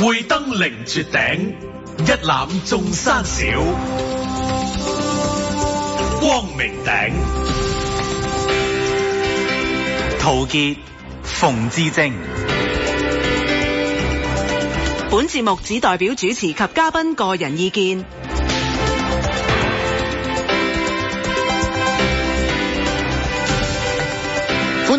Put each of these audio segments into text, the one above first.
會登凌絕頂，一覽眾山小。光明頂，陶傑、馮智政。本節目只代表主持及嘉賓個人意見。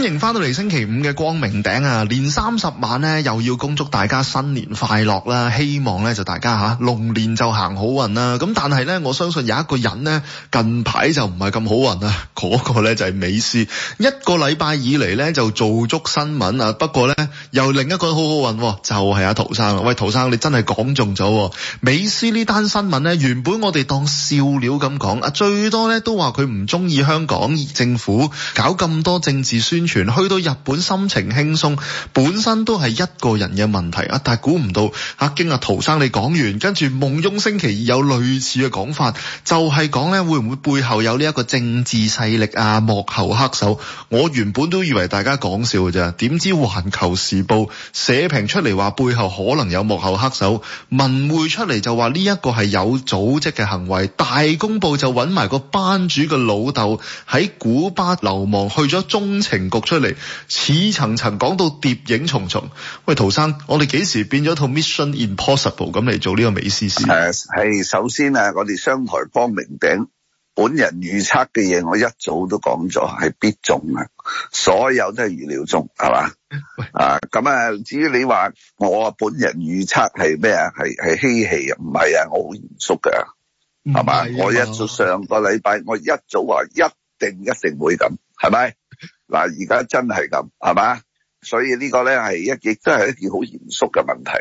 歡迎返到嚟星期五嘅光明頂啊！年三十晚咧又要恭祝大家新年快樂啦、啊！希望咧就大家吓龍、啊、年就行好運啦、啊！咁但係咧我相信有一個人咧近排就唔係咁好運啊。嗰、那個咧就係、是、美斯。一個禮拜以嚟咧就做足新聞啊！不過咧又另一個好好運、啊，就係、是、阿、啊、陶生。喂，陶生你真係講中咗、啊！美斯呢單新聞咧，原本我哋當笑料咁講啊，最多咧都話佢唔中意香港政府搞咁多政治宣傳。全去到日本，心情輕鬆，本身都係一個人嘅問題啊！但係估唔到阿京阿陶生你講完，跟住夢中星期二有類似嘅講法，就係講咧會唔會背後有呢一個政治勢力啊？幕後黑手？我原本都以為大家講笑嘅啫，點知《環球時報》社評出嚟話背後可能有幕後黑手，文匯出嚟就話呢一個係有組織嘅行為，大公報就揾埋個班主嘅老豆喺古巴流亡，去咗中情局。出嚟，似層層，講到諜影重重。喂，陶生，我哋幾時變咗套 Mission Impossible 咁嚟做呢個美斯斯啊？誒，首先啊，我哋商台光明頂本人預測嘅嘢，我一早都講咗係必中啦，所有都係預料中，係嘛啊？咁 啊，至於你話我啊，本人預測係咩啊？係係嬉戲啊？唔係啊，我好嚴肅噶，係嘛？我一早上個禮拜，我一早話一定一定會咁，係咪？嗱，而家真係咁，係嘛？所以呢個咧係一，亦都係一件好嚴肅嘅問題。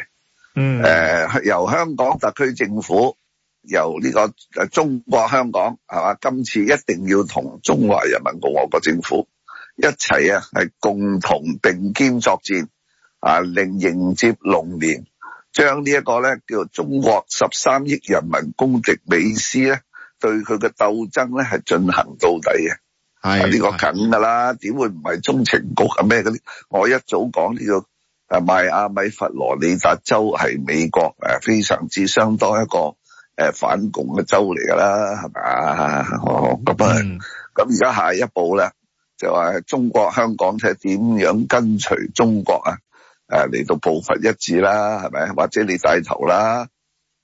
嗯。誒，由香港特區政府，由呢個誒中國香港，係嘛？今次一定要同中華人民共和國政府一齊啊，係共同並肩作戰啊，令迎接龍年，將呢一個咧叫做中國十三億人民公敵美斯咧，對佢嘅鬥爭咧係進行到底嘅。係呢、啊這個梗噶啦，點會唔係中情局啊咩啲？我一早講呢、這個誒，邁阿密佛羅里達州係美國誒、啊，非常之相當一個誒反共嘅州嚟噶啦，係咪啊？咁啊、嗯，咁而家下一步咧，就話中國香港睇點樣跟隨中國啊？誒、啊、嚟到步伐一致啦，係咪？或者你帶頭啦，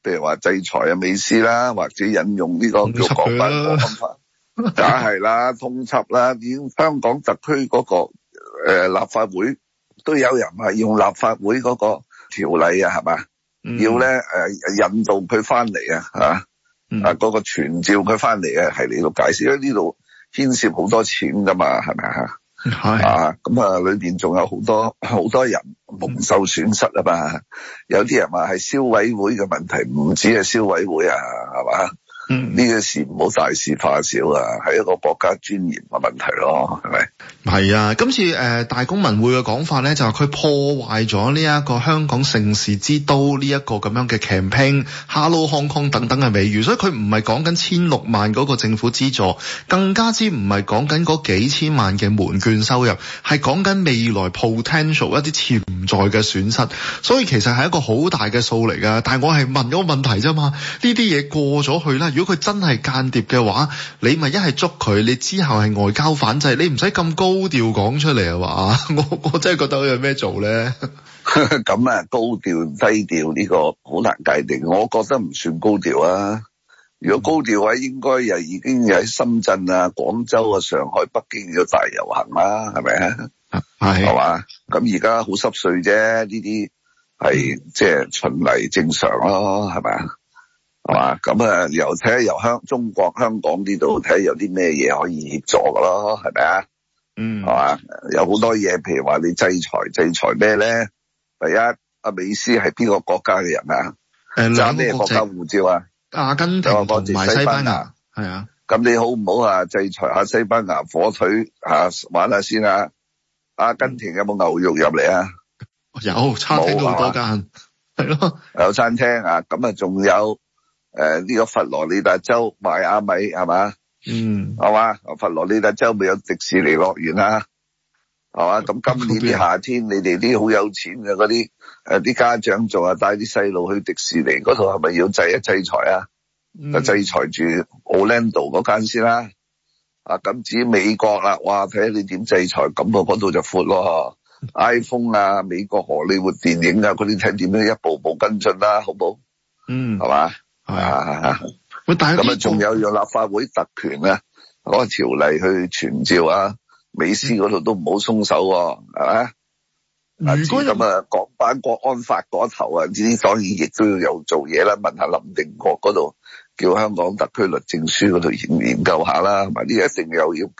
譬如話制裁啊美斯啦，或者引用呢、這個、嗯、叫港版國安法。梗係啦，通緝啦，已經香港特區嗰、那個誒、呃、立法會都有人話用立法會嗰個條例是、嗯呃、啊，係嘛、嗯，要咧誒引導佢翻嚟啊，吓，啊嗰個傳召佢翻嚟啊，係嚟到解釋，因為呢度牽涉好多錢噶嘛，係咪？係啊，咁的啊，裏邊仲有好多好多人蒙受損失啊嘛，嗯、有啲人話係消委會嘅問題，唔止係消委會啊，係嘛？嗯，呢個事唔好大事化小啊，係一個國家尊嚴嘅問題咯，係咪？係啊，今次大公文匯嘅講法咧，就係佢破壞咗呢一個香港盛事之都呢一個咁樣嘅 campaign、Hello Hong Kong 等等嘅美譽，所以佢唔係講緊千六萬嗰個政府資助，更加之唔係講緊嗰幾千萬嘅門券收入，係講緊未來 potential 一啲潛在嘅損失，所以其實係一個好大嘅數嚟噶。但我係問嗰個問題啫嘛，呢啲嘢過咗去啦。如果佢真係間諜嘅話，你咪一係捉佢，你之後係外交反制，你唔使咁高調講出嚟啊！我我真係覺得佢有咩做咧？咁啊， 高調低調呢個好難界定。我覺得唔算高調啊。如果高調嘅話，應該又已經喺深圳啊、廣州啊、上海、北京有大遊行啦，係咪啊？係係嘛？咁而家好濕碎啫，呢啲係即係循例正常咯，係咪啊？係嘛？咁啊、嗯嗯，由睇由香港中國香港呢度睇有啲咩嘢可以協助㗎咯，係咪啊？嗯，係嘛？有好多嘢，譬如話你制裁制裁咩咧？第一，阿美斯係邊個國家嘅人啊？揸咩、呃、國國家護照啊？阿根廷同埋西班牙，係啊。咁你好唔好啊？制裁下西班牙火腿啊，玩下先啊！阿根廷有冇牛肉入嚟啊？有餐廳有餐廳好多間，係咯。有餐廳啊，咁啊，仲有。誒呢、呃呢個佛羅里達州邁阿密係嘛？嗯，係嘛？佛羅里達州咪有迪士尼樂園啦、啊？係嘛？咁、嗯、今年夏天，嗯、你哋啲好有錢嘅嗰啲啲家長仲係帶啲細路去迪士尼嗰度，係咪要制一制裁啊？嗯、制裁住 Orlando 嗰間先啦。啊，咁至於美國啦，哇！睇下你點制裁，咁個嗰度就闊囉。嗯、iPhone 啊，美國荷里活電影啊，嗰啲睇點樣一步步跟進啦、啊，好唔好？嗯，係嘛？是是啊，咁啊、這個，仲有用立法會特權啊，嗰個條例去傳召啊，美斯嗰度都唔好鬆手喎，係咪？如果咁啊，港版國安法嗰頭啊，所以亦都要有做嘢啦，問下林定國嗰度，叫香港特區律政司嗰度研究下啦，咁啊，呢一定又要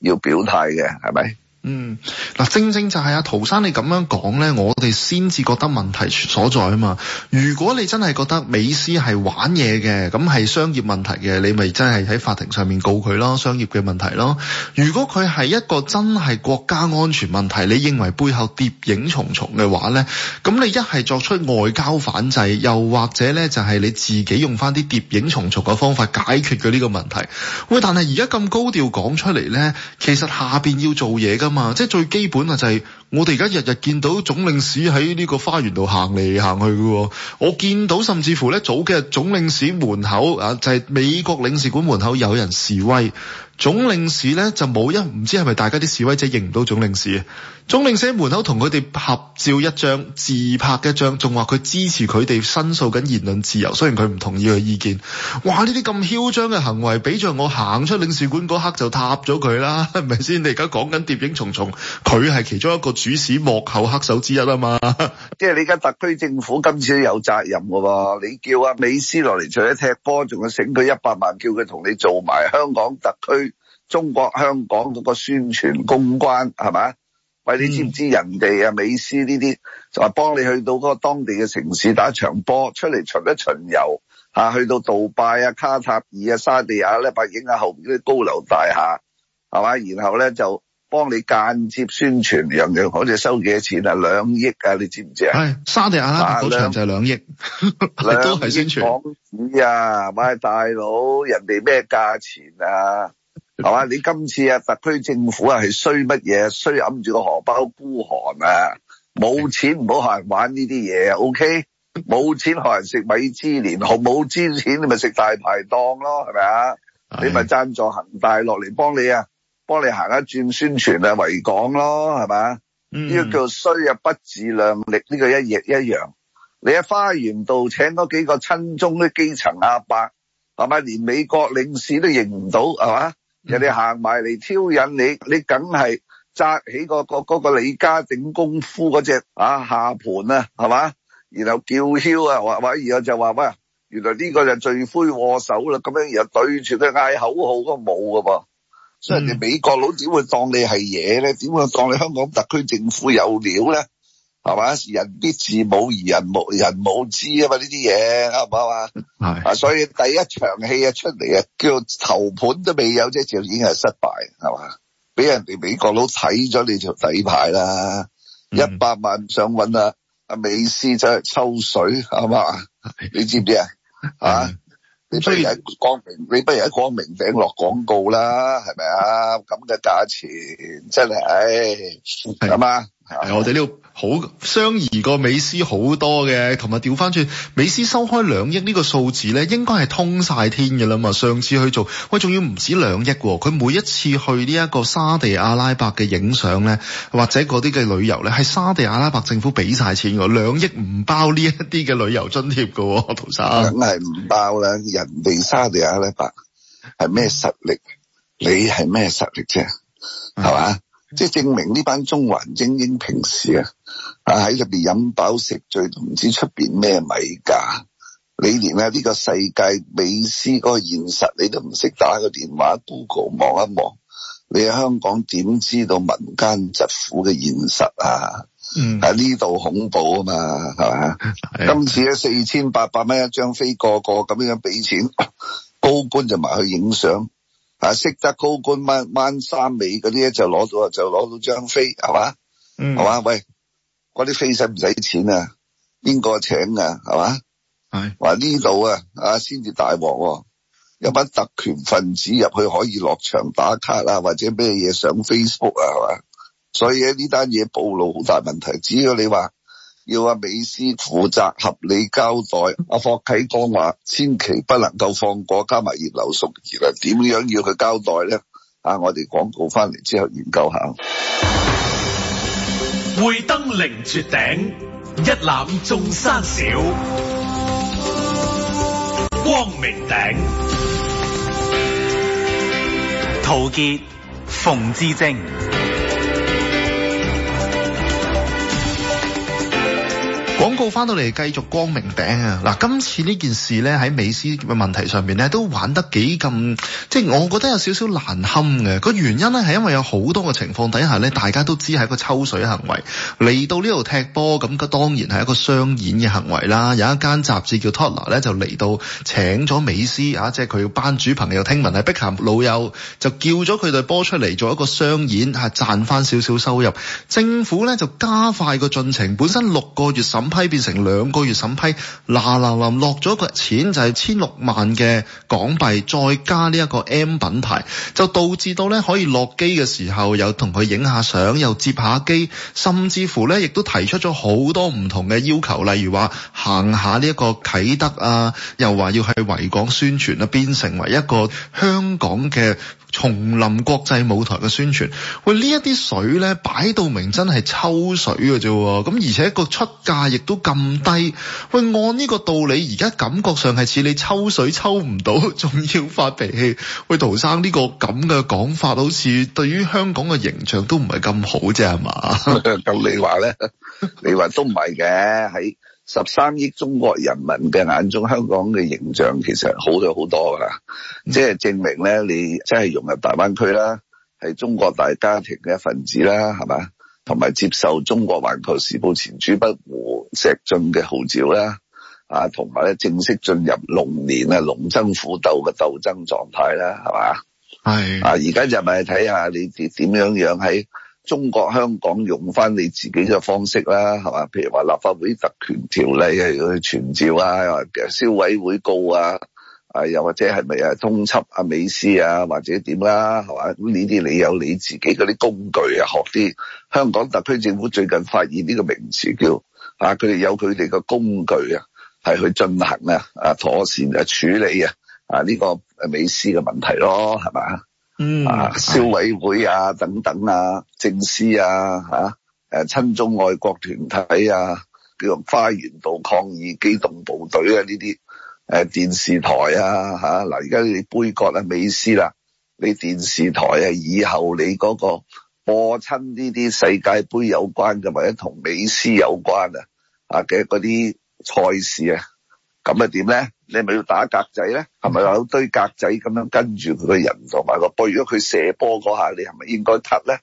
要表態嘅，係咪？嗯，嗱，正正就係阿、啊、陶生你咁樣講咧，我哋先至覺得問題所在啊嘛。如果你真係覺得美斯係玩嘢嘅，咁係商業問題嘅，你咪真係喺法庭上面告佢咯，商業嘅問題咯。如果佢係一個真係國家安全問題，你認為背後諜影重重嘅話咧，咁你一係作出外交反制，又或者咧就係你自己用返啲諜影重重嘅方法解決佢呢個問題。喂，但係而家咁高調講出嚟咧，其實下邊要做嘢噶。即係最基本啊，就係。我哋而家日日見到總領事喺呢個花園度行嚟行去嘅，我見到甚至乎咧早嘅總領事門口啊，就係美國領事館門口有人示威，總領事咧就冇一，唔知係咪大家啲示威者認唔到總領事啊？總領事喺門口同佢哋合照一張，自拍一張，仲話佢支持佢哋申訴緊言論自由，雖然佢唔同意佢意見，哇！呢啲咁囂張嘅行為，畀着我行出領事館嗰刻就踏咗佢啦，係咪先？你而家講緊諜影重重，佢係其中一個。主使幕後黑手之一啊嘛， 即係你而家特區政府今次都有責任嘅喎。你叫阿美斯落嚟除咗踢波，仲要醒佢一百萬，叫佢同你做埋香港特區、中國香港嗰個宣傳公關，係咪？喂、嗯，你知唔知人哋阿美斯呢啲就話幫你去到嗰個當地嘅城市打一場波，出嚟巡一巡遊嚇、啊，去到杜拜啊、卡塔爾啊、沙地亞英啊咧，拍影下後邊啲高樓大廈係嘛？然後咧就。幫你間接宣傳，樣樣好似收幾多錢啊？兩億啊，你知唔知沙地就兩啊？係沙地亞克嗰場就兩億， 都係宣傳。兩億啊，喂，大佬，人哋咩價錢啊？係嘛？ 你今次啊，特區政府啊，係衰乜嘢？衰揞住個荷包孤寒啊！冇錢唔好學人玩呢啲嘢啊，OK？冇 錢學人食米芝蓮，冇錢錢,錢你咪食大排檔咯，係咪啊？ 你咪讚助恒大落嚟幫你啊！幫你行一轉宣傳啊，維港咯，係嘛？呢、嗯、個叫衰入不自量力，呢、呢個一役，一樣。你喺花園道請嗰幾個親中啲基層阿伯，係咪？連美國領事都認唔到，係嘛？嗯、人哋行埋嚟挑引你，你梗係扎起個個，個，個李家鼎功夫嗰隻啊下盤啊，係嘛？然後叫囂啊，或者而家就話，喂，原來呢個就是罪魁禍首啦，咁樣然後對住佢嗌口號個冇噶噃。所以、嗯、人哋美國佬點會當你係嘢咧？點會當你香港特區政府有料咧？係嘛？人必自侮而人無人無知啊嘛！呢啲嘢啱唔啱啊？係啊，是所以第一場戲一出嚟啊，叫頭盤都未有啫，就已經係失敗，係嘛？俾人哋美國佬睇咗你條底牌啦！一百、嗯、萬唔想揾啊，阿美斯走去抽水，啱唔啱啊？你知唔知啊？嚇是？嗯你不如喺光明，你不如喺光明頂落廣告啦，係咪啊？咁嘅價錢真係唉，係咁啊。係 我哋呢度好相宜過美斯好多嘅，同埋調翻轉美斯收開兩億呢個數字咧，應該係通晒天嘅啦嘛。上次去做喂，仲要唔止兩億喎。佢每一次去呢一個沙地阿拉伯嘅影相咧，或者嗰啲嘅旅遊咧，係沙地阿拉伯政府俾晒錢，兩億唔包呢一啲嘅旅遊津貼嘅，陶生梗係唔包啦。人哋沙地阿拉伯係咩實力？你係咩實力啫？係嘛？ 即係證明呢班中環精英平時啊，啊喺入邊飲飽食醉，唔知出邊咩米價。你連啊呢個世界美斯嗰個現實你都唔識打個電話，Google 望一望。你喺香港點知道民間疾苦嘅現實啊？嗯，喺呢度恐怖啊嘛，係嘛？的今次咧四千八百蚊一張飛，個個咁樣樣俾錢，高官就埋去影相。啊，識得高官掹掹衫尾嗰啲咧，就攞到啊，就攞到張飛，係嘛？係嘛？喂，嗰啲飛使唔使錢啊？邊個請啊？係嘛？係話呢度啊，啊先至大鑊，有班特權分子入去可以落場打卡啊，或者咩嘢上 Facebook 啊，係嘛？所以咧呢單嘢暴露好大問題，只要你話。要阿美斯負責合理交代，阿霍啟剛話千祈不能夠放過，加埋葉劉淑儀咧，點樣要佢交代咧？啊，我哋廣告翻嚟之後研究下。會登凌絕頂，一覽眾山小。光明頂。陶傑、馮智政。廣告翻到嚟繼續光明頂啊！嗱，今次呢件事呢，喺美斯嘅問題上面呢，都玩得幾咁，即係我覺得有少少難堪嘅個原因呢，係因為有好多嘅情況底下呢，大家都知係一個抽水行為嚟到呢度踢波咁，當然係一個商演嘅行為啦。有一間雜誌叫《Totler》呢，就嚟到請咗美斯啊，即係佢班主朋友聽聞係碧咸老友，就叫咗佢對波出嚟做一個商演，係賺翻少少收入。政府呢，就加快個進程，本身六個月審判。批變成兩個月審批，嗱嗱嗱，落咗個錢就係千六萬嘅港幣，再加呢一個 M 品牌，就導致到咧可以落機嘅時候，又同佢影下相，又接下機，甚至乎咧亦都提出咗好多唔同嘅要求，例如話行下呢一個啟德啊，又話要去維港宣傳啦、啊，變成為一個香港嘅叢林國際舞台嘅宣傳，喂，呢一啲水咧擺到明真係抽水嘅啫，咁而且個出價亦都咁低，喂，按呢個道理而家感覺上係似你抽水抽唔到，仲要發脾氣，喂，陶生呢個咁嘅講法好似對於香港嘅形象都唔係咁好啫，係嘛？咁你話咧？你話都唔係嘅喺。十三億中國人民嘅眼中，香港嘅形象其實好咗好多噶，即係證明咧，你真係融入大灣區啦，係中國大家庭嘅一份子啦，係嘛？同埋接受中國環球時報前主筆胡錫進嘅號召啦，啊，同埋咧正式進入龍年啊，龍爭虎鬥嘅鬥爭狀態啦，係嘛？係啊是，而家就咪睇下你哋點樣養喺。中國香港用翻你自己嘅方式啦，係嘛？譬如話立法會特權條例啊，去傳召啊，消委會告啊，啊又或者係咪啊通緝啊美斯啊，或者點啦，係嘛？咁呢啲你有你自己嗰啲工具啊，學啲香港特區政府最近發現呢個名詞叫啊，佢哋有佢哋嘅工具啊，係去進行啊啊妥善啊處理啊啊呢個誒美斯嘅問題咯，係嘛？嗯啊，消委會啊，等等啊，政司啊，吓、啊、誒，親、啊啊、中愛國團體啊，啊，叫做花園道抗議機動部隊啊，呢啲誒電視台啊，吓、啊、嗱，而、啊、家你杯葛啊美斯啦、啊，你電視台啊，以後你嗰個播親呢啲世界杯有關嘅，或者同美斯有關嘅啊啊嘅嗰啲賽事啊。咁啊點咧？你係咪要打格仔咧？係咪有堆格仔咁樣跟住佢個人同埋個波？如果佢射波嗰下，你係咪應該撻咧？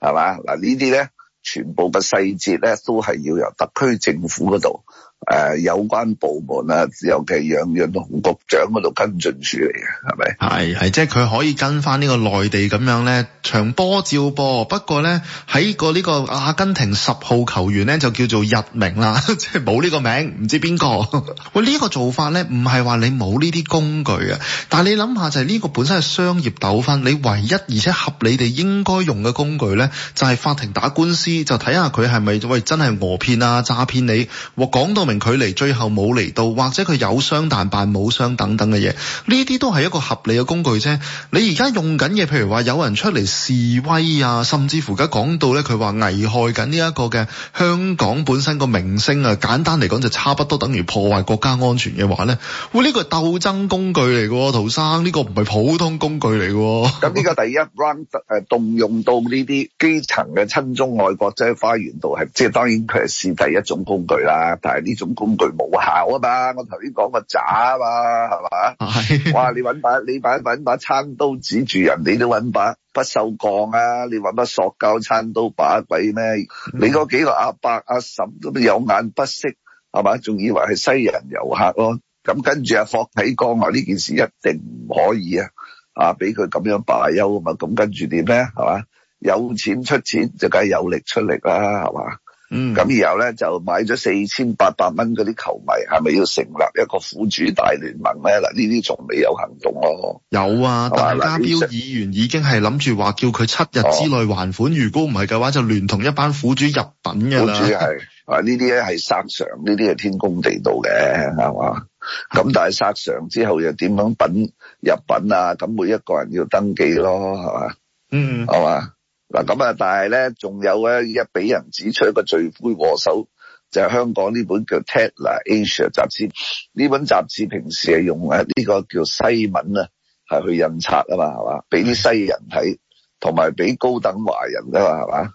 係嘛？嗱，呢啲咧全部嘅細節咧，都係要由特區政府嗰度。誒、呃、有關部門啊，尤其楊潤雄局長嗰度跟進處理嘅，係咪？係係，即係佢可以跟翻呢個內地咁樣咧，長波照波。不過咧，喺個呢個阿根廷十號球員咧就叫做日明啦，即係冇呢個名，唔知邊個。喂，呢、這個做法咧唔係話你冇呢啲工具啊。但係你諗下就係呢個本身係商業糾紛，你唯一而且合理地應該用嘅工具咧，就係、是、法庭打官司，就睇下佢係咪喂真係訛騙啊、詐騙你。我講到明。佢離最後冇嚟到，或者佢有傷但扮冇傷等等嘅嘢，呢啲都係一個合理嘅工具啫。你而家用緊嘅，譬如話有人出嚟示威啊，甚至乎而家講到咧，佢話危害緊呢一個嘅香港本身個名聲啊，簡單嚟講就差不多等於破壞國家安全嘅話咧，會、哎、呢、呢個係鬥爭工具嚟嘅，陶生呢、呢個唔係普通工具嚟嘅。咁呢個第一 round 動用到呢啲基層嘅親中愛國即喺、就是、花園道，係，即係當然佢係是第一種工具啦，但係呢？種工具無效啊嘛，我頭先講個渣啊嘛，係嘛？ 哇，你搵把你把搵把餐刀指住人哋，都搵把不銹鋼啊？你搵把塑膠餐刀把鬼咩？ 你嗰幾個阿伯阿嬸都有眼不識係嘛？仲以為係西人遊客咯？咁跟住阿霍啟剛話呢件事一定唔可以啊！啊，俾佢咁樣罷休啊嘛？咁跟住點咧？係嘛？有錢出錢就梗係有力出力啦，係嘛？嗯，咁然後咧就買咗四千八百蚊嗰啲球迷係咪要成立一個苦主大聯盟咧？嗱，呢啲仲未有行動咯。有啊，鄧家彪議員已經係諗住話叫佢七日之內還款，哦，如果唔係嘅話就聯同一班苦主入稟嘅啦。苦主係啊，呢啲咧係索償，呢啲係天公地道嘅係嘛。咁但係索償之後又點樣品入品啊？咁每一個人要登記咯，係嘛？嗯，嗯，係嘛？嗱咁，嗯、啊！但係咧，仲有咧，而家俾人指出一個罪魁禍首就係、是、香港呢本叫《Tatler Asia》雜誌。呢本雜誌平時係用誒呢個叫西文啊，係去印刷啊嘛，係嘛？俾啲西人睇，同埋俾高等華人噶嘛，係嘛？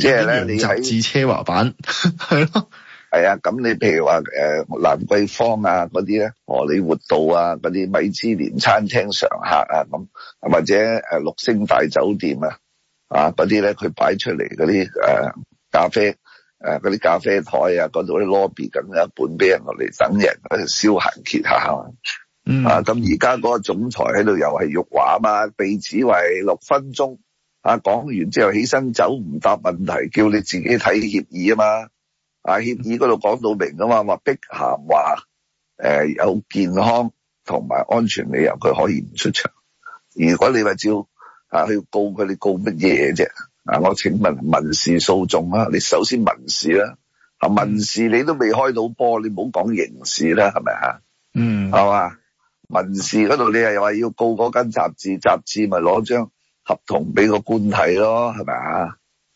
即係咧，就你雜誌奢華版係咯，係 的啊。咁你譬如話誒蘭桂坊啊嗰啲咧，荷里活道啊嗰啲米芝蓮餐廳常客啊咁，或者誒六星大酒店啊。啊！嗰啲咧，佢擺出嚟嗰啲誒咖啡，誒嗰啲咖啡台啊，嗰度啲 lobby，咁樣一半俾人落嚟等人喺度消閒歇下。嗯、啊！咁而家嗰個總裁喺度又係辱話啊嘛，被指為六分鐘啊，講完之後起身走，唔答問題，叫你自己睇協議啊嘛。啊協議嗰度講到明啊嘛，話碧鹹話有健康同埋安全理由佢可以唔出場。如果你咪照。啊！要告佢，你告乜嘢啫？啊！我請問民事訴訟啊，你首先民事啦，啊，民事你都未開到波，你唔好講刑事啦，係咪吓？嗯，係嘛？民事嗰度你又話要告嗰間雜誌，雜誌咪攞張合同俾個官睇咯，係嘛？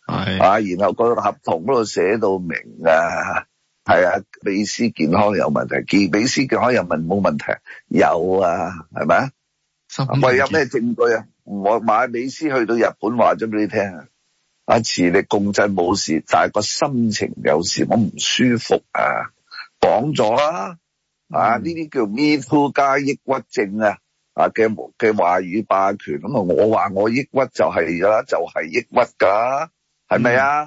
係啊，然後個合同嗰度寫到明啊，係啊，美斯健康有問題，見美斯健康又問冇問題，有啊，係咪啊？為有咩證據啊？我買美斯去到日本話咗俾你聽啊，阿磁力共振冇事，但係個心情有事，我唔舒服啊，講咗啦啊，呢啲叫 me too 加抑鬱症啊啊嘅嘅話語霸權咁啊，我話我抑鬱就係、是、啦，就係、是、抑鬱噶，係咪啊？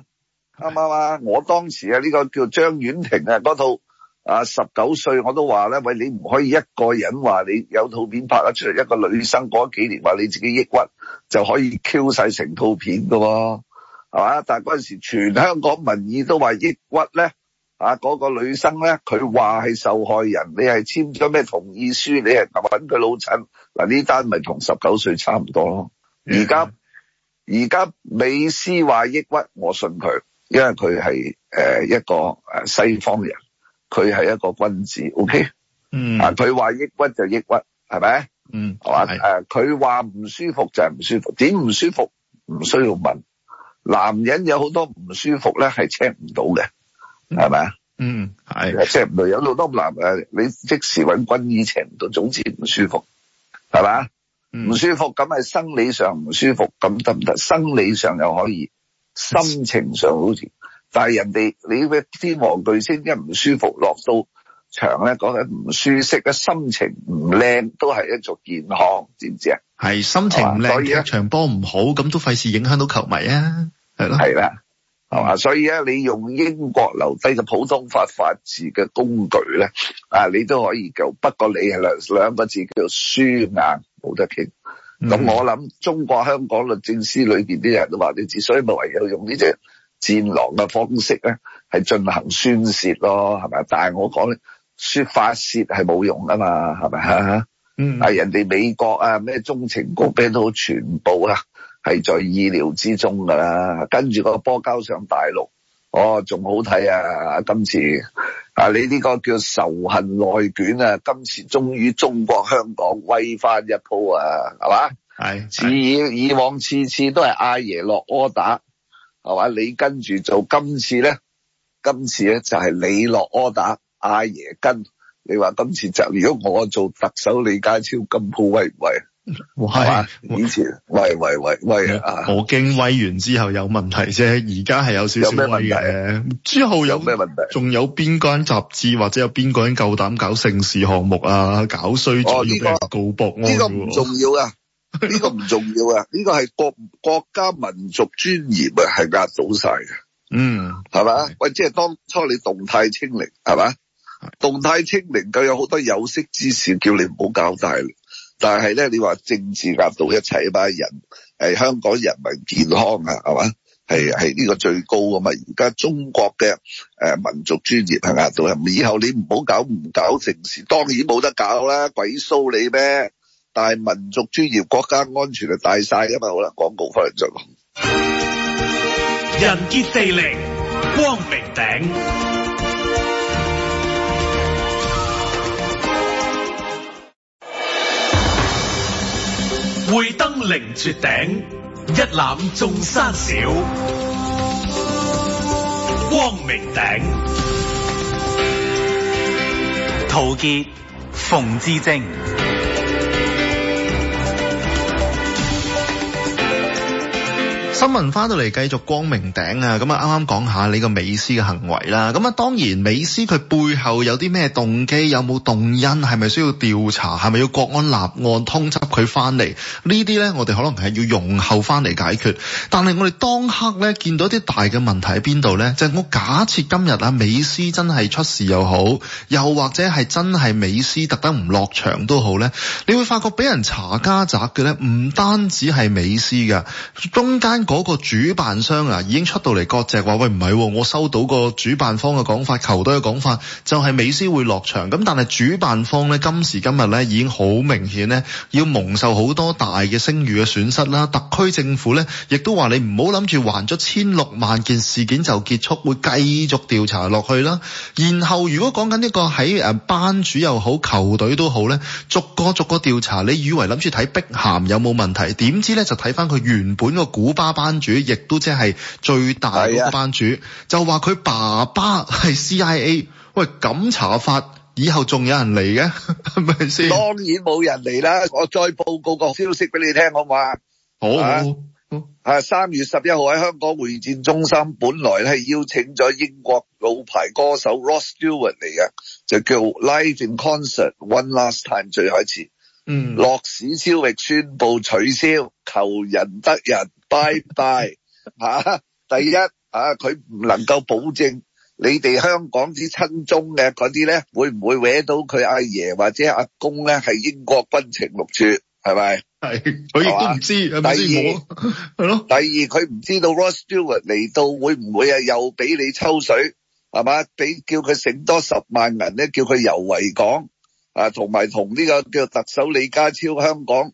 啱唔啱啊？我當時啊，呢、這個叫張婉婷啊，嗰套。啊！十九歲我都話咧，喂，你唔可以一個人話你有套片拍得出嚟，一個女生過幾年話你自己抑鬱就可以 Q 晒成套片噶，係、啊、嘛？但係嗰陣時全香港民意都話抑鬱咧，啊，嗰、那個女生咧，佢話係受害人，你係簽咗咩同意書？你係揾佢老襯嗱？呢單咪同十九歲差唔多咯。而家而家美斯話抑鬱，我信佢，因為佢係誒一個誒西方人。佢係一個君子，OK？嗯，啊，佢話抑鬱就抑鬱，係咪？嗯，係嘛？誒，佢話唔舒服就係唔舒服，點唔舒服？唔需要問。男人有好多唔舒服咧，係 check 唔到嘅，係咪啊？嗯，係，即係 check 唔到有好多男人，你即時搵軍醫 check 唔到，總之唔舒服，係嘛？唔舒服咁係生理上唔舒服，咁得唔得？生理上又可以，心情上好似。但係人哋你咩天王巨星一唔舒服落到場咧，講緊唔舒適嘅心情唔靚，都係一種健康，知唔知啊？係心情唔靚，踢以場波唔好，咁都費事影響到球迷啊，係咯？係啦，係嘛？所以咧，你用英國留低嘅普通法法治嘅工具咧，啊，你都可以夠。不過你係兩兩個字叫做輸硬，冇得傾。咁、嗯、我諗中國香港律政司裏邊啲人都話你知，所以咪唯有用呢隻。戰狼嘅方式咧，係進行宣洩咯，係咪？但係我講咧，說發洩係冇用啊嘛，係咪啊？嗯、人哋美國啊，咩中情局俾到、嗯、全部啊，係在意料之中噶啦、啊。跟住個波交上大陸，哦，仲好睇啊！今次啊，你呢個個叫仇恨內捲啊，今次終於中國香港威翻一鋪啊，係嘛？係，以以往次次都係阿爺落柯打。係嘛？你跟住做今次咧，今次咧就係你落 order，阿爺跟你話今次就如果我做特首李家超，咁好威唔威？威，以前威威威威啊！我驚威完之後有問題啫，而家係有少少威嘅。之後有咩問題？仲有邊間雜誌或者有邊個人夠膽搞盛事項目啊？搞衰咗要俾人告博啊！呢個唔重要啊。呢 個唔重要啊！呢、這個係國國家民族尊嚴啊，係壓倒晒嘅。嗯，係嘛吧？喂，即係當初你動態清零，係嘛？動態清零佢有好多有識之士叫你唔好搞大但係咧，你話政治壓倒一切，呢班人係香港人民健康啊，係嘛？係係呢個最高噶嘛？而家中國嘅誒、呃、民族尊嚴係壓倒係，以後你唔好搞唔搞政治當然冇得搞啦，鬼騷你咩？大民族尊嚴，國家安全大就大晒噶嘛，好啦，廣告翻嚟咗。人傑地靈，光明頂，會登凌絕頂，一覽眾山小。光明頂，陶傑、馮智政。新聞翻到嚟繼續光明頂啊！咁啊啱啱講下你個美斯嘅行為啦。咁啊當然美斯佢背後有啲咩動機，有冇動因，係咪需要調查，係咪要國安立案通緝佢翻嚟？呢啲呢？我哋可能係要用後翻嚟解決。但係我哋當刻呢，見到啲大嘅問題喺邊度呢？就係、是、我假設今日啊美斯真係出事又好，又或者係真係美斯特登唔落場都好呢，你會發覺俾人查家宅嘅呢，唔單止係美斯嘅中間，嗰個主辦商啊，已經出到嚟割席話：喂，唔係啊，我收到個主辦方嘅講法，球隊嘅講法就係美斯會落場。咁但係主辦方呢，今時今日呢，已經好明顯呢，要蒙受好多大嘅聲譽嘅損失啦。特區政府呢，亦都話：你唔好諗住還咗千六萬件事件就結束，會繼續調查落去啦。然後如果講緊呢個喺班主又好，球隊都好呢，逐個逐個調查。你以為諗住睇碧鹹有冇問題，點知呢就睇翻佢原本個古巴巴。班主亦都即係最大嗰班主，就話佢、啊、爸爸係 CIA，喂咁查法，以後仲有人嚟嘅，係咪先？當然冇人嚟啦！我再報告個消息俾你聽，好唔好，好，好，好啊，啊三月十一號喺香港會展中心，本來係邀請咗英國老牌歌手 Ross Stewart 嚟嘅，就叫 Live in Concert One Last Time 最後一次，嗯，落市消域宣布取消，求人得人。拜拜嚇！第一啊，佢唔能夠保證你哋香港啲親中嘅嗰啲咧，會唔會搲到佢阿爺或者阿公咧？係英國軍情六處係咪？係佢亦都唔知。第二係咯，第二佢唔知道 Rose Stewart 嚟到會唔會啊又俾你抽水係嘛？俾叫佢醒多十萬人咧，叫佢遊維港。啊，同埋同呢個叫特首李家超，香港誒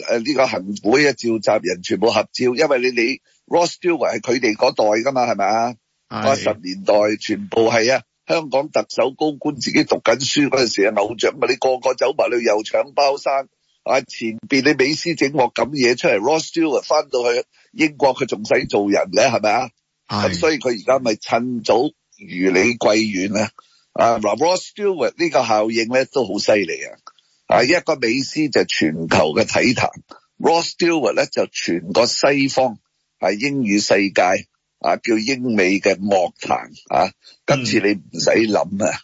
誒呢個行會嘅召集人全部合照，因為你你 Ross Stewart 係佢哋嗰代噶嘛，係咪是啊？八十年代全部係啊，香港特首高官自己讀緊書嗰陣時啊，偶像咪你個個走埋去又搶包山，啊前邊你美斯整鑊咁嘢出嚟，Ross Stewart 翻到去英國佢仲使做人咧，係咪啊？咁是所以佢而家咪趁早如你貴遠啊。啊，嗱，Ross Stewart 呢個效應咧都好犀利啊！啊，一個美斯就係全球嘅體壇，Ross Stewart 咧就全個西方係英語世界啊，叫英美嘅樂壇啊。今次你唔使諗啊，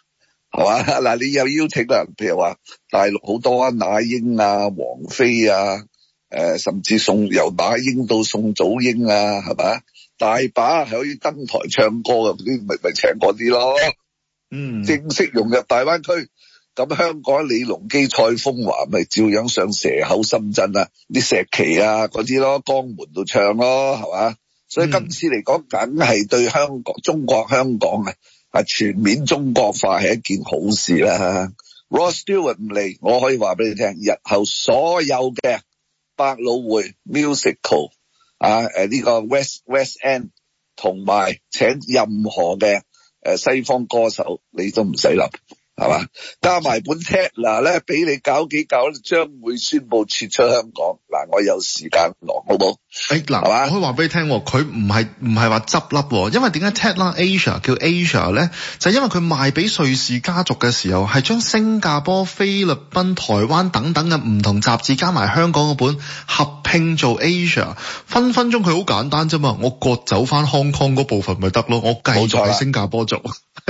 係嘛、嗯？嗱，那你又邀請啦，譬如話大陸好多啊，那英啊、王菲啊，誒、呃，甚至宋由那英到宋祖英啊，係嘛？大把係可以登台唱歌啊，唔知咪咪請嗰啲咯。嗯，正式融入大灣區，咁香港李隆基蔡風華咪照樣上蛇口深圳那些石棋啊，啲石岐、啊嗰啲咯，江門度唱咯，係嘛？所以今次嚟講，梗係對香港、中國香港啊，全面中國化係一件好事啦。嗯、Ross Stewart 唔嚟，我可以話俾你聽，日後所有嘅百老匯 musical 啊，誒、這、呢個 West End 同埋請任何嘅。誒，西方歌手，你都唔使諗。係嘛？ 加埋本 Tatler 咧，俾你搞幾搞，將會宣布撤出香港。嗱，我有時間落，好唔好？哎、欸，嗱嘛，吧可以我話俾你聽，佢唔係唔係話執笠，因為點解 Tatler Asia 叫 Asia 咧？就係、因為佢賣俾瑞士家族嘅時候，係將新加坡、菲律賓、台灣等等嘅唔同雜誌加埋香港嗰本合拼做 Asia。分分鐘佢好簡單啫嘛，我割走翻 Hong Kong 嗰部分咪得咯，我繼續喺新加坡、啊、做。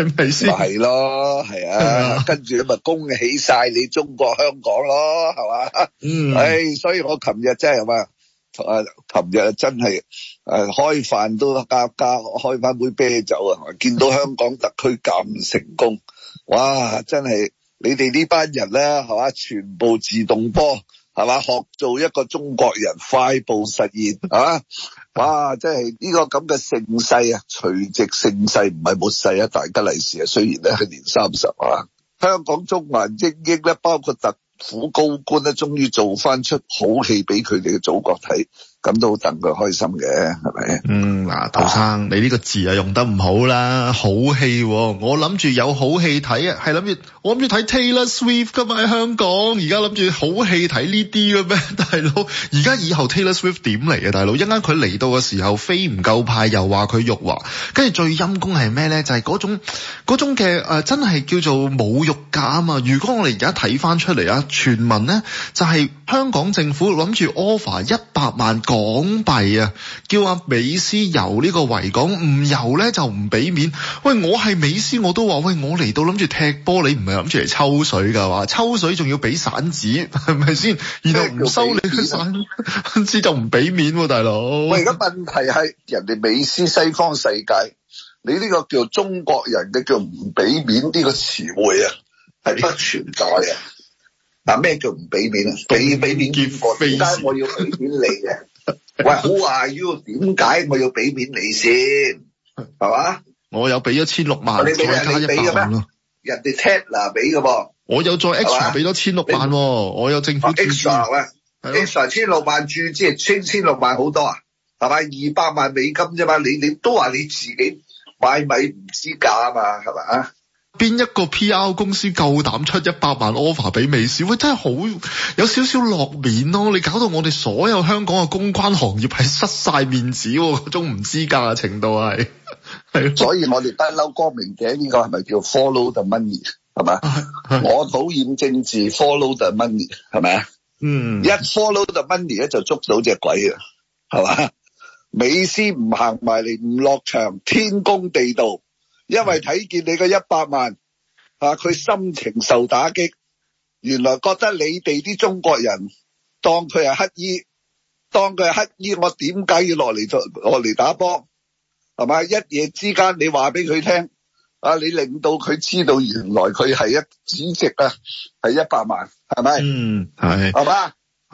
係咯，係啊，跟住你咪恭喜曬你中國香港咯，係嘛？嗯，唉、哎，所以我琴日真係嘛，同阿琴日真係、啊、開飯都啱啱開翻杯啤酒啊！見到香港特區咁成功，哇！真係你哋呢班人咧，係嘛？全部自動波，係嘛？學做一個中國人，快步實現係咪？哇！真係呢個咁嘅盛世啊，除夕盛世唔係末世啊，大吉利是啊。雖然咧係年三十啊，香港中環精英咧，包括特府高官咧，終於做翻出好戲俾佢哋嘅祖國睇。噉都等佢開心嘅係咪？是是嗯，嗱，陶生，哇你呢個字啊用得唔好啦，好戲、哦，我諗住有好戲睇啊，係諗住我諗住睇 Taylor Swift 㗎嘛喺香港，而家諗住好戲睇呢啲嘅咩，大佬？而家以後 Taylor Swift 點嚟啊，大佬？一間佢嚟到嘅時候飛唔夠派，又話佢辱華。跟住最陰功係咩咧？就係、是、嗰種嗰種嘅、呃、真係叫做侮辱㗎嘛！如果我哋而家睇返出嚟啊，傳聞咧就係、是、香港政府諗住 offer 一百萬港港幣啊，叫阿美斯游呢個維港，唔游咧就唔俾面。喂，我係美斯，我都話喂，我嚟到諗住踢波，你唔係諗住嚟抽水噶嘛？抽水仲要俾散紙，係咪先？然後唔收你嘅散紙就唔俾面啊，大佬。喂，而家問題係人哋美斯西方世界，你呢個叫中國人嘅叫唔俾面呢個詞彙啊，係不存在啊。嗱，咩叫唔俾面啊？俾俾面，我而家我要俾面你嘅。喂，好啊，要點解我要俾面你先，係嘛？我有俾咗千六萬，你加一百萬人哋 Tatler 俾噶噃，我有再 extra 俾多千六萬，我有政府注資。extra 啊，extra 千六萬注資，千千六萬好多啊，係咪二百萬美金啫嘛？你你都話你自己買米唔知價啊嘛，係咪？啊？.邊一個 P.R. 公司夠膽出一百萬 offer 俾美斯？真係好有少少落面咯、啊！你搞到我哋所有香港嘅公關行業係失晒面子、啊，嗰種唔知價嘅程度係，所以我哋不嬲光明嘅呢、這個係咪叫 follow the money，是是 follow the money？係咪我討厭政、嗯、治，follow the money 係咪啊？嗯。一 follow the money 咧就捉到隻鬼啊！係嘛？美斯唔行埋嚟，唔落場，天公地道。因為睇見你個一百萬啊，佢心情受打擊，原來覺得你哋啲中國人當佢係乞衣，當佢係乞衣，我點解要落嚟落嚟打波係咪？一夜之間你話俾佢聽啊，你令到佢知道原來佢係一市值啊，係一百萬係咪？是嗯係係嘛？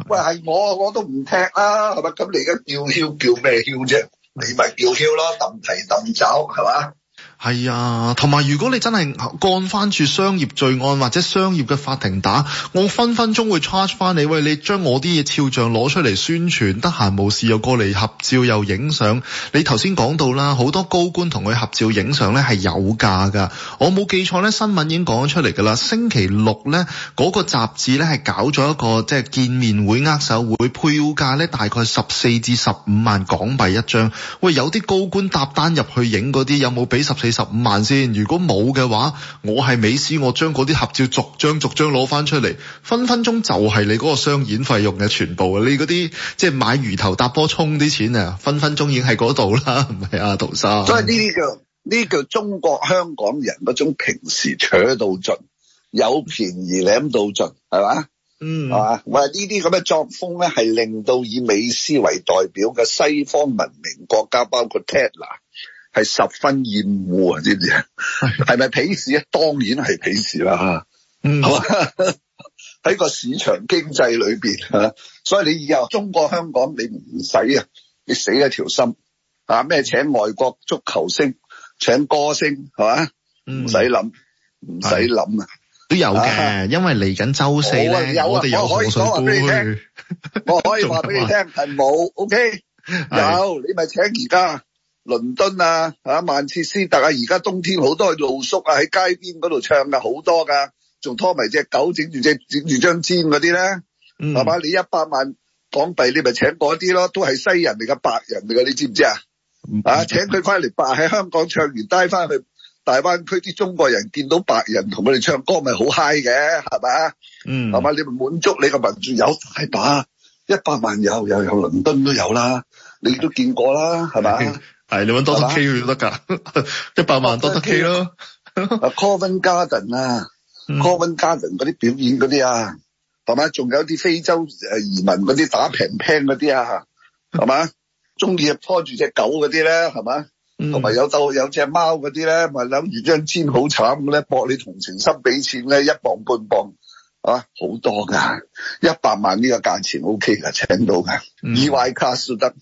喂，係我我都唔踢啦、啊，係嘛？咁你而家叫囂叫咩囂啫？你咪叫囂咯，掟蹄掟爪係嘛？是係啊，同埋、哎、如果你真係幹翻住商業罪案或者商業嘅法庭打，我分分鐘會 charge 翻你。喂，你將我啲嘢肖像攞出嚟宣傳，得閒無事又過嚟合照又影相。你頭先講到啦，好多高官同佢合照影相呢係有價㗎。我冇記錯呢新聞已經講咗出嚟㗎啦。星期六呢嗰個雜誌呢係搞咗一個即係、就是、見面會握手會，票價呢大概十四至十五萬港幣一張。喂，有啲高官搭單入去影嗰啲，有冇俾十四？十五萬先，如果冇嘅話，我係美斯，我將嗰啲合照逐張逐張攞翻出嚟，分分鐘就係你嗰個商演費用嘅全部啊！你嗰啲即係買魚頭搭波充啲錢啊，分分鐘已經喺嗰度啦，唔係啊，陶生？所以呢啲叫呢啲叫中國香港人嗰種平時扯到盡，有便宜舐到盡，係嘛？嗯，係嘛？話呢啲咁嘅作風咧，係令到以美斯為代表嘅西方文明國家，包括泰 a 係十分厭惡啊！知唔知啊？係咪鄙視啊？當然係鄙視啦！吓，喺個市場經濟裏邊吓，所以你以後中國香港你唔使啊，你死咗條心啊！咩請外國足球星，請歌星係嘛？唔使諗，唔使諗啊！都有嘅，因為嚟緊周四咧，我哋有可以講話俾你聽，我可以話俾你聽係冇，OK？有你咪請而家。倫敦啊，吓，曼切斯特啊，而家冬天好多去露宿啊，喺街邊嗰度唱噶，啊，好多噶，仲拖埋隻狗著隻，整住隻整住張氈嗰啲咧。嗯，係嘛，你一百萬港幣，你咪請嗰啲咯，都係西人嚟嘅白人嚟嘅，你知唔知啊？嗯，啊，請佢翻嚟白，喺香港唱完，帶翻去大灣區，啲中國人見到白人同佢哋唱歌，咪好 high 嘅，係嘛？嗯，係嘛，你咪滿足你嘅民，有大把一百萬有，又有有倫敦都有啦，你都見過啦，係咪？嗯係你搵多得 K 佢都得噶，一百萬多得 K 咯。 Covent Garden 啊 Covent Garden 嗰啲表演嗰啲啊，係咪？仲有啲非洲誒移民嗰啲打平平嗰啲啊，係咪？ 中意拖住隻狗嗰啲咧，係咪？同埋有到有隻貓嗰啲咧，咪諗住張氈好慘咁咧，博你同情心俾錢咧，一磅半磅啊，好多噶，一百萬呢個價錢 O K 噶，請到嘅、嗯 e。E Y class 得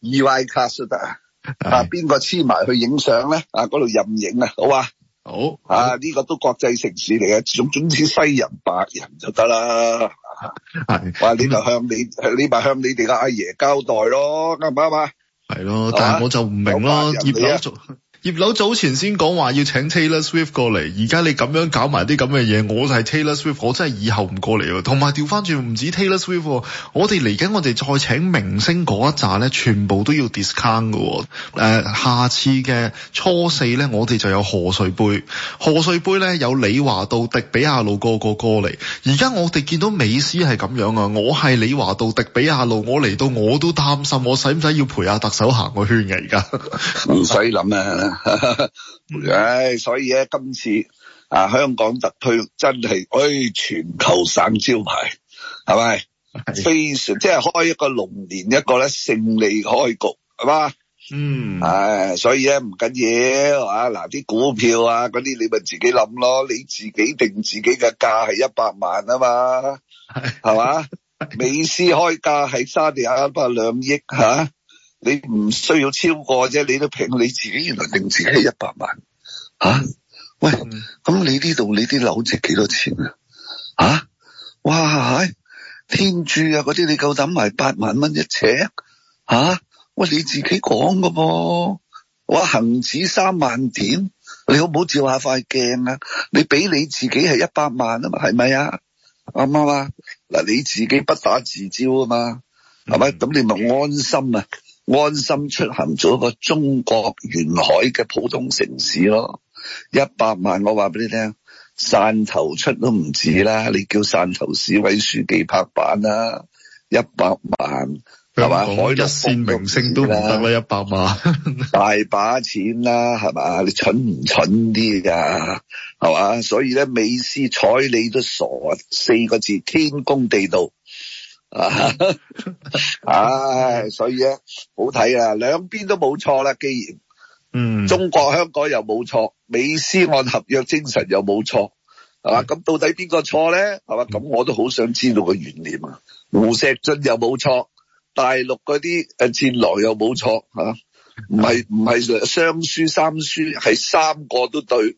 ，E Y class 得啊。是啊！邊個黐埋去影相咧？啊！嗰度任影啊，好，好啊！好啊！呢個都國際城市嚟嘅，總總之西人白人就得啦。係是，話你就向你麼向你咪向你哋嘅阿爺交代咯，啱唔啱啊？係咯，但係我就唔明白咯。啊劉葉柳早前先講話要請 Taylor Swift 過嚟，而家你咁樣搞埋啲咁嘅嘢，我就係 Taylor Swift，我真係以後唔過嚟咯。同埋調翻轉，唔止 Taylor Swift，我哋嚟緊我哋再請明星嗰一紮咧，全部都要 discount 噶。誒、呃，下次嘅初四咧，我哋就有賀歲杯，賀歲杯咧有李華道迪比亞路個個過嚟。而家我哋見到美斯係咁樣啊，我係李華道迪比亞路，我嚟到我都擔心，我使唔使要陪阿特首行個圈嘅？而家唔使諗啊！ 唉、 哎，所以咧，今次啊，香港特區真係、哎，全球省招牌，係咪？的非常即係開一個龍年一個咧勝利開局，係嘛？嗯，唉、哎，所以咧唔緊要啊，嗱啲股票啊嗰啲，你咪自己諗咯，你自己定自己嘅價係一百萬啊嘛，係嘛？美斯開價喺沙地亞不過兩億吓。啊你唔需要超過啫，你都平你自己原來定自己係一百萬吓、啊。喂，咁你呢度你啲樓值幾多錢啊？吓、啊，哇，天柱啊，嗰啲你夠膽買八萬蚊一尺？吓、啊，喂，你自己講嘅噃，我恒指三萬點，你好唔好照下塊鏡啊？你俾你自己係一百萬嘛係咪啊？係咪啊？啱唔啱啊？嗱，你自己不打自招啊嘛，係咪、嗯？咁你咪安心啊！安心出行做一個中國沿海嘅普通城市咯，一百萬我話俾你聽，汕頭出都唔止啦，你叫汕頭市委書記拍板啦，一百萬係嘛，港海一線明星都大把一百萬， 大把錢啦係嘛，你蠢唔蠢啲噶係嘛，所以咧美斯睬你都傻四個字天公地道。 唉，所以咧好睇啊，兩邊都冇錯啦。既然嗯，中國香港又冇錯，美斯按合約精神又冇錯，係嘛？咁到底邊個錯咧？係嘛？咁我都好想知道個懸念啊。胡錫進又冇錯，大陸嗰啲誒戰狼又冇錯，吓，唔係唔係雙輸三輸，係三個都對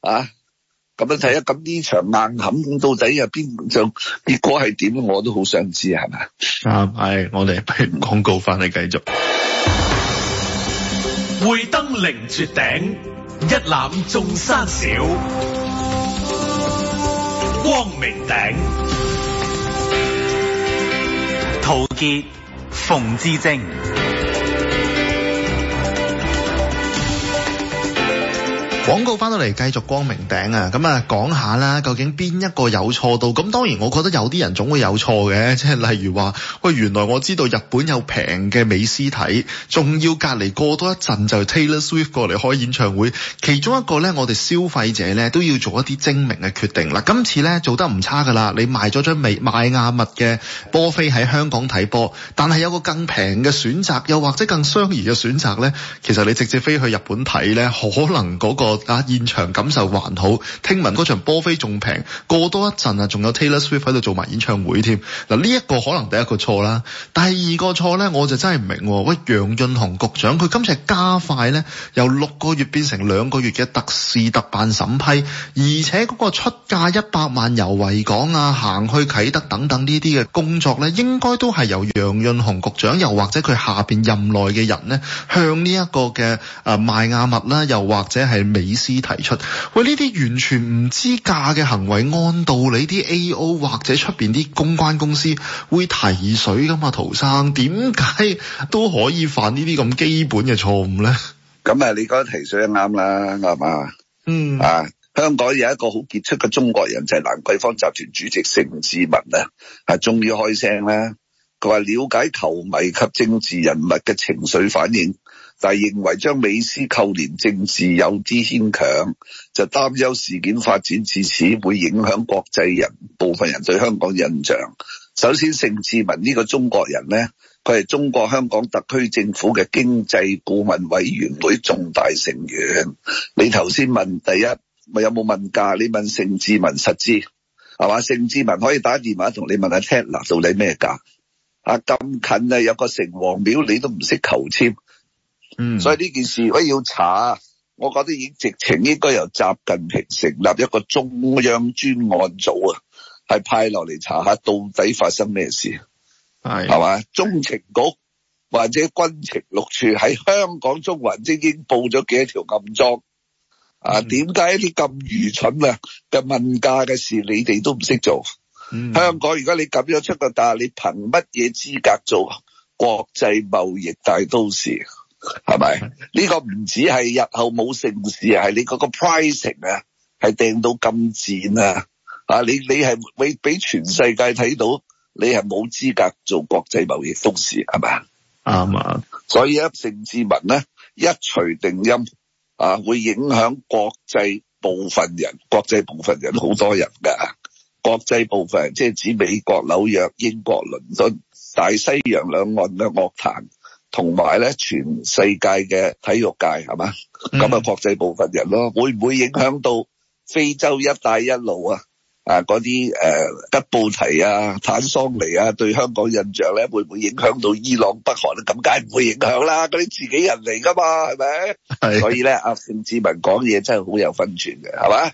啊。咁樣睇下，咁呢場硬撼咁到底啊邊場結果係點咧？我都好想知，係咪？啱、嗯，我哋不如唔廣告返你繼續。會登凌絕頂，一覽眾山小。光明頂。陶傑、馮智政。廣告翻到嚟繼續光明頂啊！咁啊講下啦，究竟邊一個有錯到？咁當然我覺得有啲人總會有錯嘅，即係例如話，喂，原來我知道日本有平嘅美斯睇，仲要隔離過多一陣就 Taylor Swift 過嚟開演唱會。其中一個呢，我哋消費者呢都要做一啲精明嘅決定啦。今次呢做得唔差噶啦，你買咗張美買亞物嘅波飛喺香港睇波，但係有個更平嘅選擇，又或者更相宜嘅選擇呢，其實你直接飛去日本睇呢，可能嗰個。啊！現場感受還好，聽聞嗰場波飛仲平，過多一陣啊，仲有 Taylor Swift 喺度做埋演唱會添。嗱，呢一個可能第一個錯啦，第二個錯呢，我就真係唔明。喂，楊潤雄局長，佢今次係加快呢由六個月變成兩個月嘅特事特辦審批，而且嗰個出價一百萬由維港啊，行去啟德等等呢啲嘅工作呢，應該都係由楊潤雄局長，又或者佢下邊任內嘅人呢，向呢一個嘅啊賣亞物啦，又或者係李斯提出喂，呢啲完全唔知價嘅行為，按道理啲 AO 或者出邊啲公關公司會提水噶嘛。陶生，點解都可以犯呢啲咁基本嘅錯誤咧？咁啊，你講提水啱啦，啱嘛？嗯啊，香港有一個好傑出嘅中國人就係、是、蘭桂坊集團主席盛智文啊，啊終於開聲啦，佢話了解球迷及政治人物嘅情緒反應。但係認為將美斯扣連政治有啲牽強，就擔憂事件發展至此會影響國際人部分人對香港印象。首先，盛智文呢個中國人呢，佢係中國香港特區政府嘅經濟顧問委員會重大成員。你頭先問第一咪有冇問價？你問盛智文實知係嘛？盛智文可以打電話同你問下聽嗱，到底咩價？啊，咁近啊，有個城隍廟，你都唔識求，求簽。嗯，所以呢件事如果要查，我覺得已經直情應該由習近平成立一個中央專案組啊，係派落嚟查下到底發生咩事係係嘛？中情局或者軍情六處喺香港中環已經報咗幾多條暗樁、嗯、啊？點解一啲咁愚蠢嘅問價嘅事，你哋都唔識做？嗯、香港而家你咁樣出個大，但你憑乜嘢資格做國際貿易大都市？係咪呢個唔止係日後冇盛事，係你嗰個 pricing 啊，係掟到咁賤啊！啊，你你係俾俾全世界睇到，你係冇資格做國際貿易董事，係嘛？啱啊！所以啊，盛志文咧一錘定音啊，會影響國際部分人，國際部分人好多人噶，國際部分人即係指美國紐約、英國倫敦、大西洋兩岸嘅樂壇。同埋咧，全世界嘅體育界係嘛？咁啊，國際、嗯、部分人咯，會唔會影響到非洲一帶一路啊？啊！嗰啲誒吉布提啊、坦桑尼亞對香港印象咧，會唔會影響到伊朗北韓呢、北韓啊，咁梗係唔會影響啦！嗰啲的自己人嚟噶嘛，係咪？係的。所以咧，阿、啊、鄭志文講嘢真係好有分寸嘅，係咪、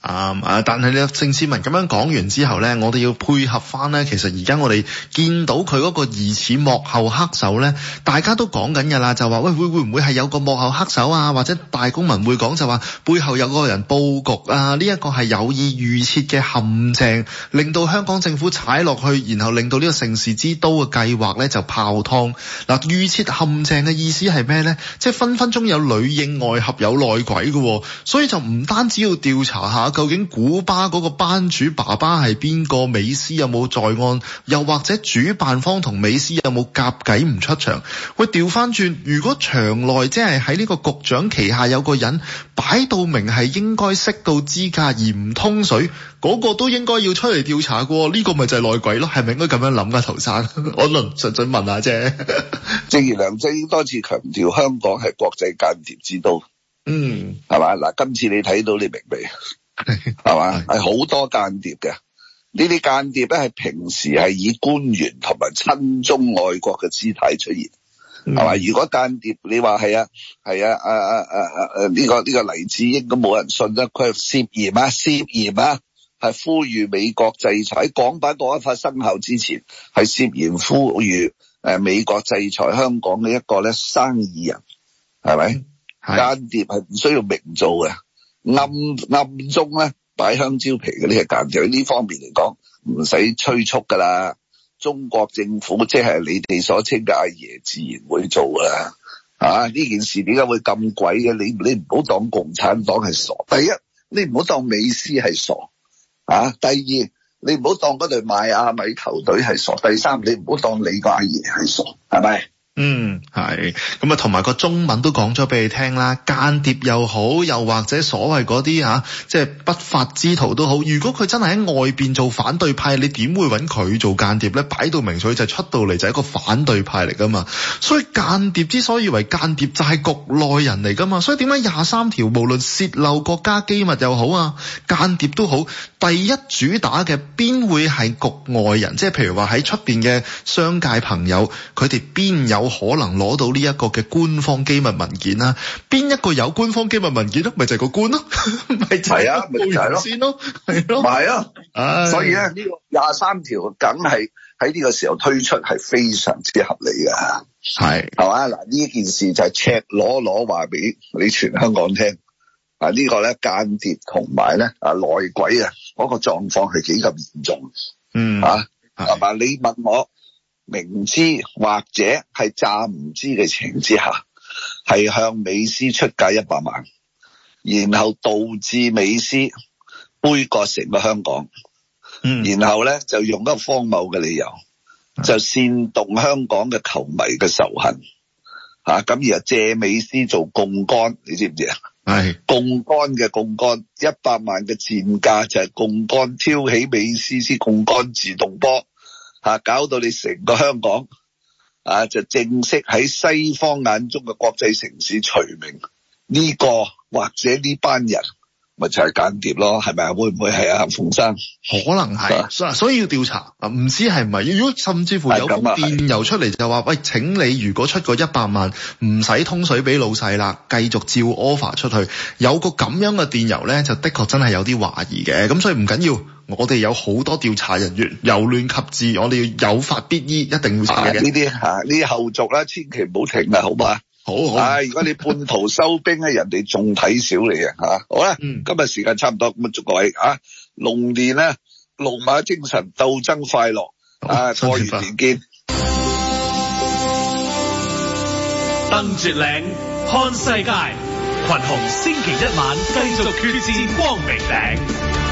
嗯？啊！但係咧，鄭志文咁樣講完之後咧，我哋要配合翻咧。其實而家我哋見到佢嗰個疑似幕後黑手咧，大家都講緊㗎啦，就話喂，會會唔會係有個幕後黑手啊？或者大公民會講就話背後有個人布局啊？呢、這、一個係有意預設嘅。陷阱令到香港政府踩落去，然後令到呢個城市之都嘅計劃咧就泡湯嗱。預設陷阱嘅意思係咩呢？即係分分鐘有女應外合，有內鬼嘅，哦，所以就唔單止要調查下究竟古巴嗰個班主爸爸係邊個，美斯有冇在案，又或者主辦方同美斯有冇夾計唔出場？喂，調翻轉，如果場內即係喺呢個局長旗下有個人擺到明係應該識到資格而唔通水。嗰個都應該要出嚟調查過，呢、這個咪就係內鬼咯？係咪應該咁樣諗啊？陶生，我論純粹問下啫。正如梁振英多次強調，香港係國際間諜之都，嗯，係嘛？嗱，今次你睇到你明未係嘛？係好 多間諜嘅，呢啲間諜咧，係平時係以官員同埋親中愛國嘅姿態出現，係嘛、嗯？如果間諜你話係啊係啊啊啊啊啊！呢、啊啊啊啊這個呢、這個黎智英都冇人信得佢係涉嫌啊，涉嫌啊！係呼籲美國制裁喺《在港版國安法》生效之前，係涉嫌呼籲誒美國制裁香港嘅一個咧生意人，係咪間諜？係唔需要明做嘅，暗暗中咧擺香蕉皮嘅，呢係間諜。呢方面嚟講，唔使催促噶啦。中國政府即係你哋所稱嘅阿爺，自然會做噶啦。啊呢件事點解會咁鬼嘅？你你唔好當共產黨係傻，第一你唔好當美斯係傻。啊！第二，你唔好當嗰隊邁阿密球隊係傻。第三，你唔好當你個阿爺係傻，係咪？嗯，係。咁啊，同埋個中文都講咗俾你聽啦。間諜又好，又或者所謂嗰啲吓，即係不法之徒都好。如果佢真係喺外邊做反對派，你點會揾佢做間諜呢？擺到明水就出到嚟就係一個反對派嚟噶嘛。所以間諜之所以為間諜，就係局內人嚟噶嘛。所以點解廿三條無論泄漏國家機密又好啊，間諜都好。第一主打嘅邊會係局外人，即係譬如話喺出邊嘅商界朋友，佢哋邊有可能攞到呢一個嘅官方機密文件啦？邊一個有官方機密文件咯？咪就係、是、個官咯，咪 就係啊，咪就係、是、咯，係咯，係啊，所以咧呢個廿三條梗係喺呢個時候推出係非常之合理嘅，係係嘛，嗱，呢件事就係赤裸裸攞攞話俾你全香港聽啊呢、這個咧間諜同埋咧啊內鬼啊！嗰個狀況係幾咁嚴重，嗯、啊、係咪？你問我明知或者係詐唔知嘅情之下，係向美斯出價一百萬，然後導致美斯杯葛成個香港，嗯、然後咧就用一個荒謬嘅理由，就煽動香港嘅球迷嘅仇恨，嚇、啊、咁而係借美斯做槓桿，你知唔知啊？係是槓桿嘅槓桿，一百萬嘅賤價就係槓桿，挑起美斯斯槓桿自動波，吓，搞到你成個香港啊就正式喺西方眼中嘅國際城市除名呢、這個或者呢班人。咪就係間諜咯，係咪啊？會唔會係阿馮生？可能係，所、啊、所以要調查啊，唔知係唔係？如果甚至乎有電郵出嚟就話，啊、喂，請你如果出個一百萬，唔使通水俾老細啦，繼續照 offer 出去，有個咁樣嘅電郵咧，就的確真係有啲懷疑嘅。咁所以唔緊要，我哋有好多調查人員，由亂及治，我哋要有法必依，一定會查嘅。呢啲吓，呢啲、啊、後續咧，千祈唔好停啦，好嗎？好，好啊，啊！如果你半途收兵咧， 人哋仲睇少你啊，吓！好啦，啊，嗯、今日時間差唔多，咁啊祝各位啊，龍年咧，啊，龍馬精神，鬥爭快樂，好啊，過完年見。登絕嶺，看世界，群雄星期一晚繼續決戰光明頂。